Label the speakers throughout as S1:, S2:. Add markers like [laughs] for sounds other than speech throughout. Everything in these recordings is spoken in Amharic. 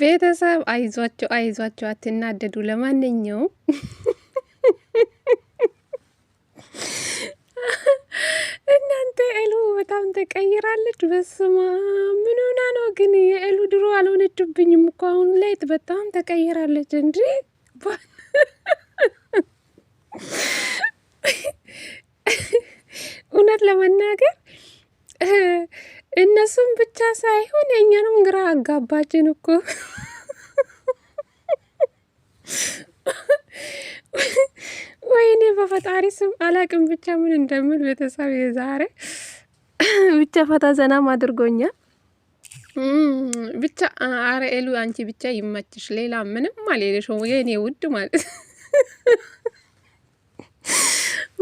S1: ቤተሰብ አይዟቸው፣ አይዟቸው አትናደዱ። ለማንኛውም [laughs] እናንተ ኤሉ በጣም ተቀይራለች። በስማ ምን ሆና ነው ግን? የኤሉ ድሮ አልሆነችብኝም እኮ አሁን ላይት በጣም ተቀይራለች እንዴ! ሳይሆን የእኛንም ግራ አጋባችን እኮ ወይኔ በፈጣሪ ስም አላቅም ብቻ ምን እንደምል ቤተሰብ የዛሬ ብቻ ፈታ ዘናም አድርጎኛል።
S2: ብቻ አርኤሉ አንቺ ብቻ ይመችሽ፣ ሌላ ምንም አልሄደሽም የኔ ውድ ማለት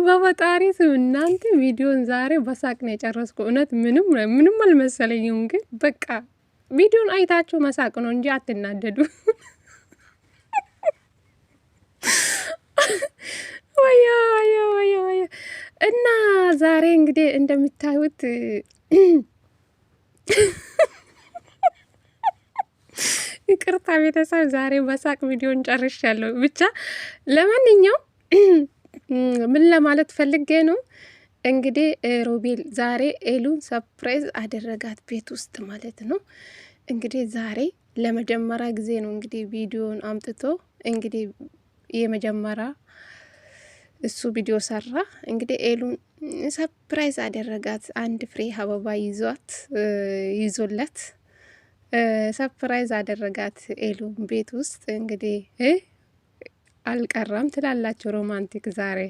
S2: በፈጣሪ ስም እናንተ ቪዲዮን ዛሬ በሳቅ ነው የጨረስኩ። እውነት ምንም ምንም አልመሰለኝም፣ ግን በቃ ቪዲዮን አይታችሁ መሳቅ ነው እንጂ አትናደዱ። ወዮ ወዮ ወዮ ወዮ! እና ዛሬ እንግዲህ እንደምታዩት ይቅርታ ቤተሰብ ዛሬ በሳቅ ቪዲዮን ጨርሻለሁ። ብቻ ለማንኛውም ምን ለማለት ፈልጌ ነው እንግዲህ ሮቤል ዛሬ ኤሉን ሰፕራይዝ አደረጋት ቤት ውስጥ ማለት ነው። እንግዲህ ዛሬ ለመጀመሪያ ጊዜ ነው እንግዲህ ቪዲዮን አምጥቶ እንግዲህ የመጀመሪያ እሱ ቪዲዮ ሰራ። እንግዲህ ኤሉን ሰፕራይዝ አደረጋት። አንድ ፍሬ አበባ ይዟት ይዞላት ሰፕራይዝ አደረጋት ኤሉን ቤት ውስጥ እንግዲህ አልቀራም ትላላችሁ። ሮማንቲክ ዛሬ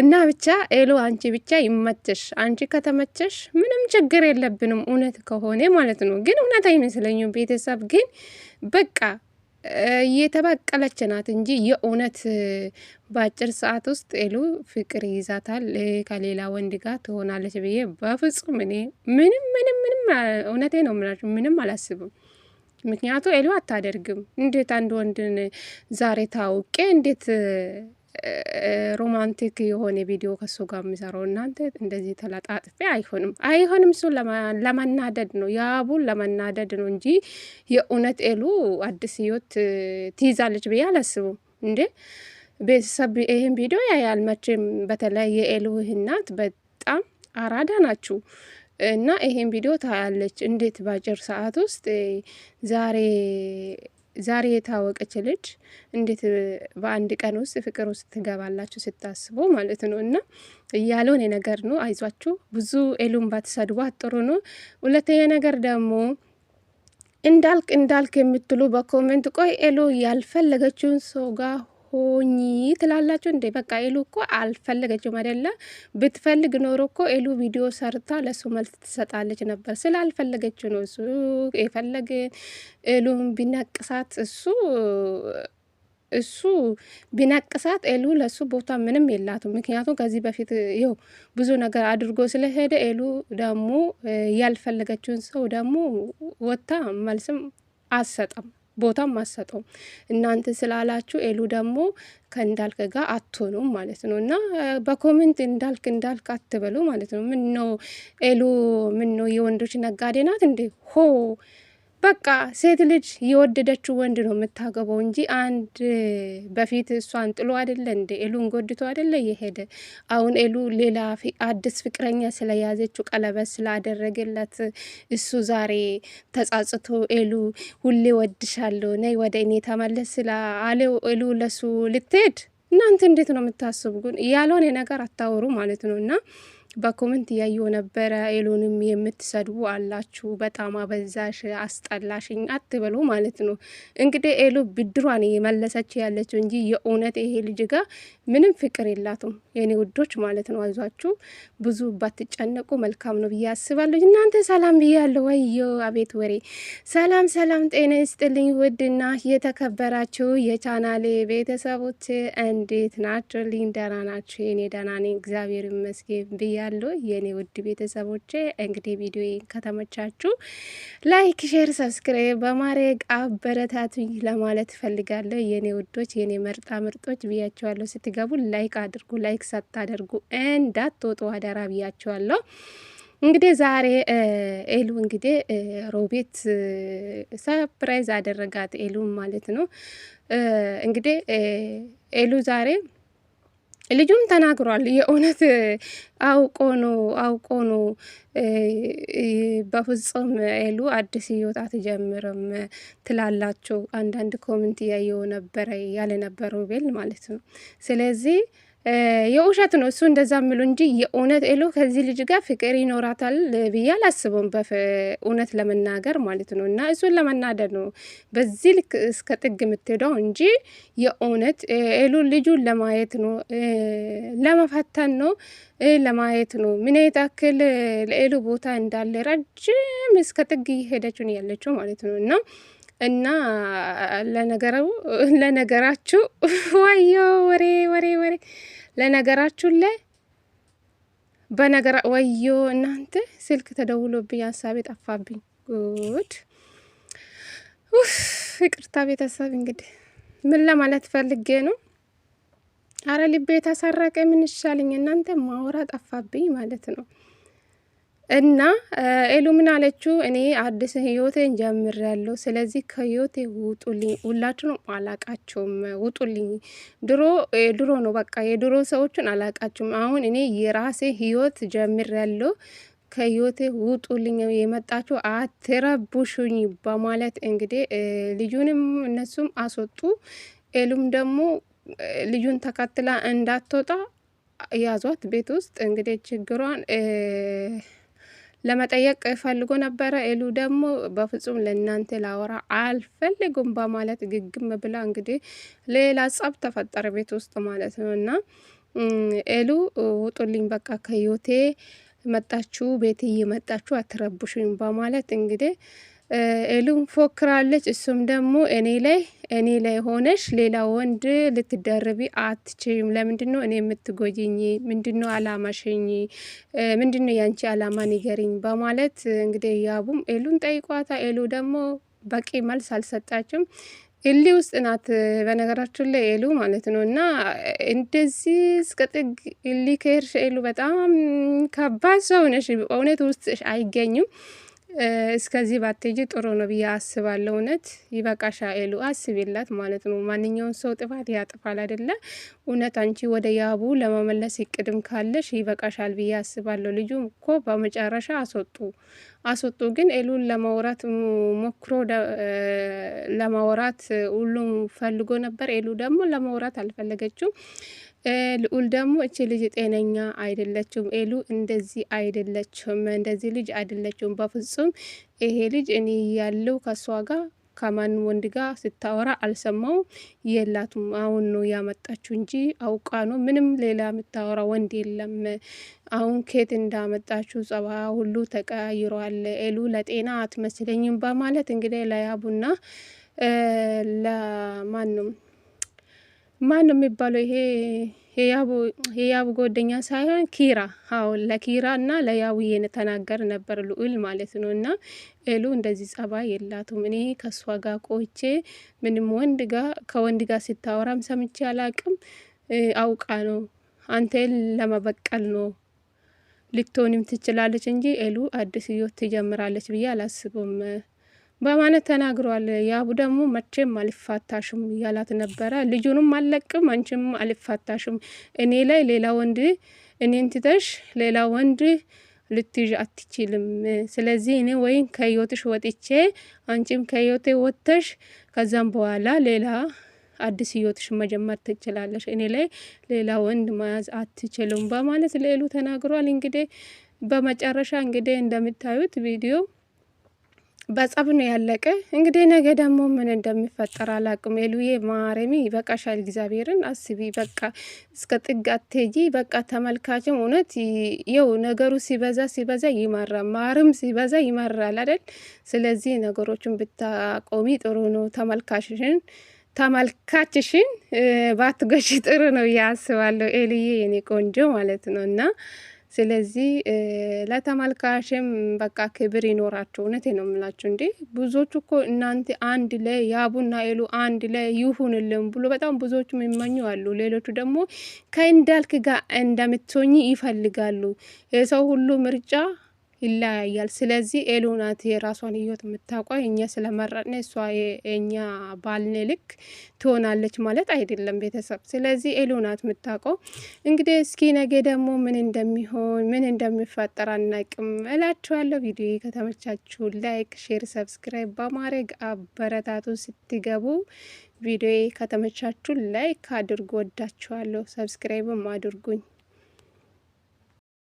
S2: እና ብቻ ኤሉ አንቺ ብቻ ይመችሽ። አንቺ ከተመቸሽ ምንም ችግር የለብንም፣ እውነት ከሆነ ማለት ነው። ግን እውነት አይመስለኝም። ቤተሰብ ግን በቃ እየተበቀለች ናት እንጂ የእውነት በአጭር ሰዓት ውስጥ ኤሉ ፍቅር ይይዛታል ከሌላ ወንድ ጋር ትሆናለች ብዬ በፍጹም እኔ ምንም ምንም ምንም እውነቴ ነው ምናችሁ ምንም አላስብም። ምክንያቱ ኤሉ አታደርግም። እንዴት አንድ ወንድን ዛሬ ታውቄ እንዴት ሮማንቲክ የሆነ ቪዲዮ ከሱ ጋር የሚሰራው እናንተ እንደዚህ ተለጣጥፌ አይሆንም፣ አይሆንም። እሱ ለመናደድ ነው የአቡን ለመናደድ ነው እንጂ የእውነት ኤሉ አዲስ ህይወት ትይዛለች ብዬ አላስቡም። እንዴ ቤተሰብ ይህን ቪዲዮ ያያል መቼም። በተለይ የኤሉ እናት በጣም አራዳ ናችሁ። እና ይሄን ቪዲዮ ታያለች። እንዴት በአጭር ሰዓት ውስጥ ዛሬ ዛሬ የታወቀች ልጅ እንዴት በአንድ ቀን ውስጥ ፍቅር ውስጥ ትገባላችሁ ስታስቡ ማለት ነው። እና እያለውን ነገር ነው። አይዟችሁ ብዙ ኤሉን ባትሰድቧት ጥሩ ነው። ሁለተኛ ነገር ደግሞ እንዳልክ እንዳልክ የምትሉ በኮሜንት ቆይ ኤሉ ያልፈለገችውን ሰው ጋር ሆኚ ትላላችሁ እንዴ? በቃ ኤሉ እኮ አልፈለገችም አይደለ? ብትፈልግ ኖሮ እኮ ኤሉ ቪዲዮ ሰርታ ለሱ መልስ ትሰጣለች ነበር። ስላልፈለገችው ነው እሱ የፈለገ ኤሉን ቢነቅሳት እሱ እሱ ቢነቅሳት ኤሉ ለሱ ቦታ ምንም የላትም። ምክንያቱም ከዚህ በፊት ይኸው ብዙ ነገር አድርጎ ስለሄደ ኤሉ ደግሞ ያልፈለገችውን ሰው ደግሞ ወታ መልስም አሰጠም ቦታም አሰጠውም። እናንተ ስላላችሁ ኤሉ ደግሞ ከእንዳልክ ጋር አትሆኑም ማለት ነው። እና በኮሜንት እንዳልክ እንዳልክ አትበሉ ማለት ነው። ምን ነው ኤሉ ምን ነው የወንዶች ነጋዴ ናት እንዴ ሆ በቃ ሴት ልጅ የወደደችው ወንድ ነው የምታገባው እንጂ አንድ በፊት እሷን ጥሎ አይደለ እንደ ኤሉን ጎድቶ አደለ የሄደ። አሁን ኤሉ ሌላ አዲስ ፍቅረኛ ስለያዘችው ቀለበት ስላደረገላት እሱ ዛሬ ተጻጽቶ ኤሉ ሁሌ ወድሻለሁ ነይ ወደ እኔ ተመለስ ስላ አለው ኤሉ ለሱ ልትሄድ እናንተ እንዴት ነው የምታስቡ? ግን ያልሆነ ነገር አታወሩ ማለት ነው እና በኮመንት እያየው ነበረ። ኤሎንም የምትሰድቡ አላችሁ፣ በጣም አበዛሽ፣ አስጠላሽኝ አትበሉ ማለት ነው። እንግዲህ ኤሎ ብድሯን የመለሰች ያለችው እንጂ የእውነት ይሄ ልጅ ጋር ምንም ፍቅር የላትም። የኔ ውዶች ማለት ነው። አይዟችሁ፣ ብዙ ባትጨነቁ መልካም ነው ብዬ አስባለሁ። እናንተ ሰላም ብያለሁ። ወዮ አቤት ወሬ! ሰላም ሰላም፣ ጤና ይስጥልኝ ውድና የተከበራችሁ የቻናሌ ቤተሰቦች እንዴት ናቸው? ልኝ ደህና ናቸው? የኔ ደህና ነኝ፣ እግዚአብሔር ይመስገን ብያ ያለው የኔ ውድ ቤተሰቦቼ። እንግዲህ ቪዲዮ ከተመቻችሁ ላይክ፣ ሼር፣ ሰብስክራይብ በማድረግ አበረታቱኝ ለማለት ፈልጋለሁ። የኔ ውዶች፣ የኔ መርጣ ምርጦች ብያቸዋለሁ። ስትገቡ ላይክ አድርጉ። ላይክ ሳታደርጉ እንዳትወጡ አደራ ብያቸዋለሁ። እንግዲህ ዛሬ ኤሉ እንግዲህ ሮቤት ሰርፕራይዝ አደረጋት ኤሉ ማለት ነው። እንግዲህ ኤሉ ዛሬ ልጁም ተናግሯል። የእውነት አውቆ ነው አውቆ ነው። በፍጹም ሄሉ አዲስ ህይወት አትጀምርም ትላላችሁ። አንዳንድ ኮምንት እያየው ነበረ ያለ ነበረው ቤል ማለት ነው። ስለዚህ የውሸት ነው እሱ እንደዛ ምሉ እንጂ የእውነት ኤሎ ከዚህ ልጅ ጋር ፍቅር ይኖራታል ብዬ አላስበውም። እውነት ለመናገር ማለት ነው። እና እሱን ለመናደር ነው በዚህ ልክ እስከ ጥግ የምትሄደው እንጂ የእውነት ኤሎ ልጁን ለማየት ነው፣ ለመፈተን ነው፣ ለማየት ነው ምን ያክል ለኤሎ ቦታ እንዳለ ረጅም እስከ ጥግ ሄደችን ያለችው ማለት ነው እና እና ለነገራችሁ ወዮ [laughs] ወሬ ወሬ ወሬ ለነገራችሁ ላይ በነገር ወዮ እናንተ ስልክ ተደውሎብኝ ሀሳቤ ጠፋብኝ። ጉድ ይቅርታ ቤተሰብ። እንግዲህ ምን ለማለት ፈልጌ ነው? አረ ልቤ ተሰረቀ። ምን ይሻልኝ እናንተ ማውራ ጠፋብኝ ማለት ነው። እና ኤሉ ምን አለችው? እኔ አዲስ ህይወቴን ጀምሬያለሁ። ስለዚህ ከህይወቴ ውጡልኝ፣ ሁላችሁንም አላቃቸውም፣ ውጡልኝ። ድሮ ድሮ ነው በቃ የድሮ ሰዎችን አላቃቸውም። አሁን እኔ የራሴ ህይወት ጀምሬያለሁ። ከህይወቴ ውጡልኝ፣ የመጣችሁ አትረቡሹኝ በማለት እንግዲህ ልጁንም እነሱም አስወጡ። ኤሉም ደግሞ ልጁን ተከትላ እንዳትወጣ ያዟት ቤት ውስጥ እንግዲህ ችግሯን ለመጠየቅ ፈልጎ ነበረ። ኤሉ ደግሞ በፍጹም ለእናንተ ላወራ አልፈልጉም በማለት ግግም ብላ እንግዲህ ሌላ ጸብ ተፈጠረ ቤት ውስጥ ማለት ነው። እና ኤሉ ውጡልኝ፣ በቃ ከዮቴ መጣችሁ፣ ቤት እየመጣችሁ አትረብሹኝ በማለት እንግዲህ ኤሉም ፎክራለች። እሱም ደግሞ እኔ ላይ እኔ ላይ ሆነሽ ሌላ ወንድ ልትደርቢ አትችም። ለምንድን ነው እኔ የምትጎጅኝ? ምንድን ነው አላማሽኝ? ምንድን ነው ያንቺ አላማ ንገሪኝ በማለት እንግዲህ ያቡም ኤሉን ጠይቋታ። ኤሉ ደግሞ በቂ መልስ አልሰጣችም። እሊ ውስጥ ናት። በነገራችን ላይ ኤሉ ማለት ነው እና እንደዚህ እስከ ጥግ እሊ ከሄድሽ ኤሉ በጣም ከባድ ሰው ነሽ። እውነት አይገኝም። እስከዚህ ባትሄጂ ጥሩ ነው ብዬ አስባለሁ። እውነት ይበቃሻ ኤሉ አስቤላት ማለት ነው። ማንኛውም ሰው ጥፋት ያጥፋል አይደለ? እውነት አንቺ ወደ ያቡ ለመመለስ ይቅድም ካለሽ ይበቃሻል ብዬ አስባለሁ። ልጁም እኮ በመጨረሻ አስወጡ አስወጡ። ግን ኤሉን ለማውራት ሞክሮ ለማውራት ሁሉም ፈልጎ ነበር። ኤሉ ደግሞ ለማውራት አልፈለገችውም። ልዑል ደግሞ እቺ ልጅ ጤነኛ አይደለችም፣ ኤሉ እንደዚህ አይደለችም፣ እንደዚህ ልጅ አይደለችም፣ በፍጹም ይሄ ልጅ እኔ ያለው ከእሷ ጋር ከማንም ወንድ ጋር ስታወራ አልሰማው የላቱም። አሁን ነው ያመጣችሁ እንጂ አውቃ ነው። ምንም ሌላ የምታወራ ወንድ የለም። አሁን ኬት እንዳመጣችሁ ጸባ ሁሉ ተቀይሯል። ኤሉ ለጤና አትመስለኝም በማለት እንግዲህ ለያቡና ለማንም ማን ነው የሚባለው ይሄ የያቡ ጓደኛ ሳይሆን ኪራ አሁን ለኪራ እና ለያቡዬን ተናገር ነበር ልዑል ማለት ነው። እና ሄሉ እንደዚህ ጸባይ የላቱም። እኔ ከእሷ ጋር ቆቼ ምንም ወንድ ጋር ከወንድ ጋር ስታወራም ሰምቼ አላቅም። አውቃ ነው አንተን ለመበቀል ነው ልትሆንም ትችላለች እንጂ ሄሉ አዲስ ህይወት ትጀምራለች ብዬ አላስብም። በማለት ተናግሯል። ያቡ ደግሞ መቼም አልፋታሽም እያላት ነበረ። ልጁንም አለቅም አንቺም አልፋታሽም፣ እኔ ላይ ሌላ ወንድ እኔን ትተሽ ሌላ ወንድ ልትይዥ አትችልም። ስለዚህ እኔ ወይም ከህይወትሽ ወጥቼ አንቺም ከህይወቴ ወጥተሽ ከዛም በኋላ ሌላ አዲስ ህይወትሽ መጀመር ትችላለሽ። እኔ ላይ ሌላ ወንድ መያዝ አትችልም በማለት ሌሉ ተናግሯል። እንግዲህ በመጨረሻ እንግዲህ እንደምታዩት ቪዲዮ በጸብ ነው ያለቀ። እንግዲህ ነገ ደግሞ ምን እንደሚፈጠር አላቅም። ሄሉዬ ማረሚ፣ በቃ ሻል እግዚአብሔርን አስቢ። በቃ እስከ ጥግ አትሄጂ። በቃ ተመልካችም እውነት የው ነገሩ ሲበዛ ሲበዛ ይመራል፣ ማርም ሲበዛ ይመራል አይደል? ስለዚህ ነገሮችን ብታቆሚ ጥሩ ነው። ተመልካችሽን ተመልካችሽን ባትጎሽ ጥሩ ነው ያስባለሁ። ሄሉዬ የኔ ቆንጆ ማለት ነው እና ስለዚህ ለተመልካሽም በቃ ክብር ይኖራቸው። እውነት ነው የምላቸው። እንዴ ብዙዎቹ እኮ እናንተ አንድ ላይ ያቡና ኤሉ አንድ ላይ ይሁንልን ብሎ በጣም ብዙዎቹ የሚመኙ አሉ። ሌሎቹ ደግሞ ከእንዳልክ ጋር እንደምትሆኝ ይፈልጋሉ። የሰው ሁሉ ምርጫ ይለያያል። ስለዚህ ኤሉ ናት የራሷን ህይወት የምታውቀው እኛ ስለመረጥነ እሷ የእኛ ባልኔ ልክ ትሆናለች ማለት አይደለም ቤተሰብ። ስለዚህ ኤሉ ናት የምታውቀው። እንግዲህ እስኪ ነገ ደግሞ ምን እንደሚሆን ምን እንደሚፈጠር አናቅም እላችኋለሁ። ቪዲዮ ከተመቻችሁ ላይክ፣ ሼር፣ ሰብስክራይብ በማድረግ አበረታቱ ስትገቡ ቪዲዮ ከተመቻችሁ ላይክ አድርጉ። ወዳችኋለሁ። ሰብስክራይብም አድርጉኝ።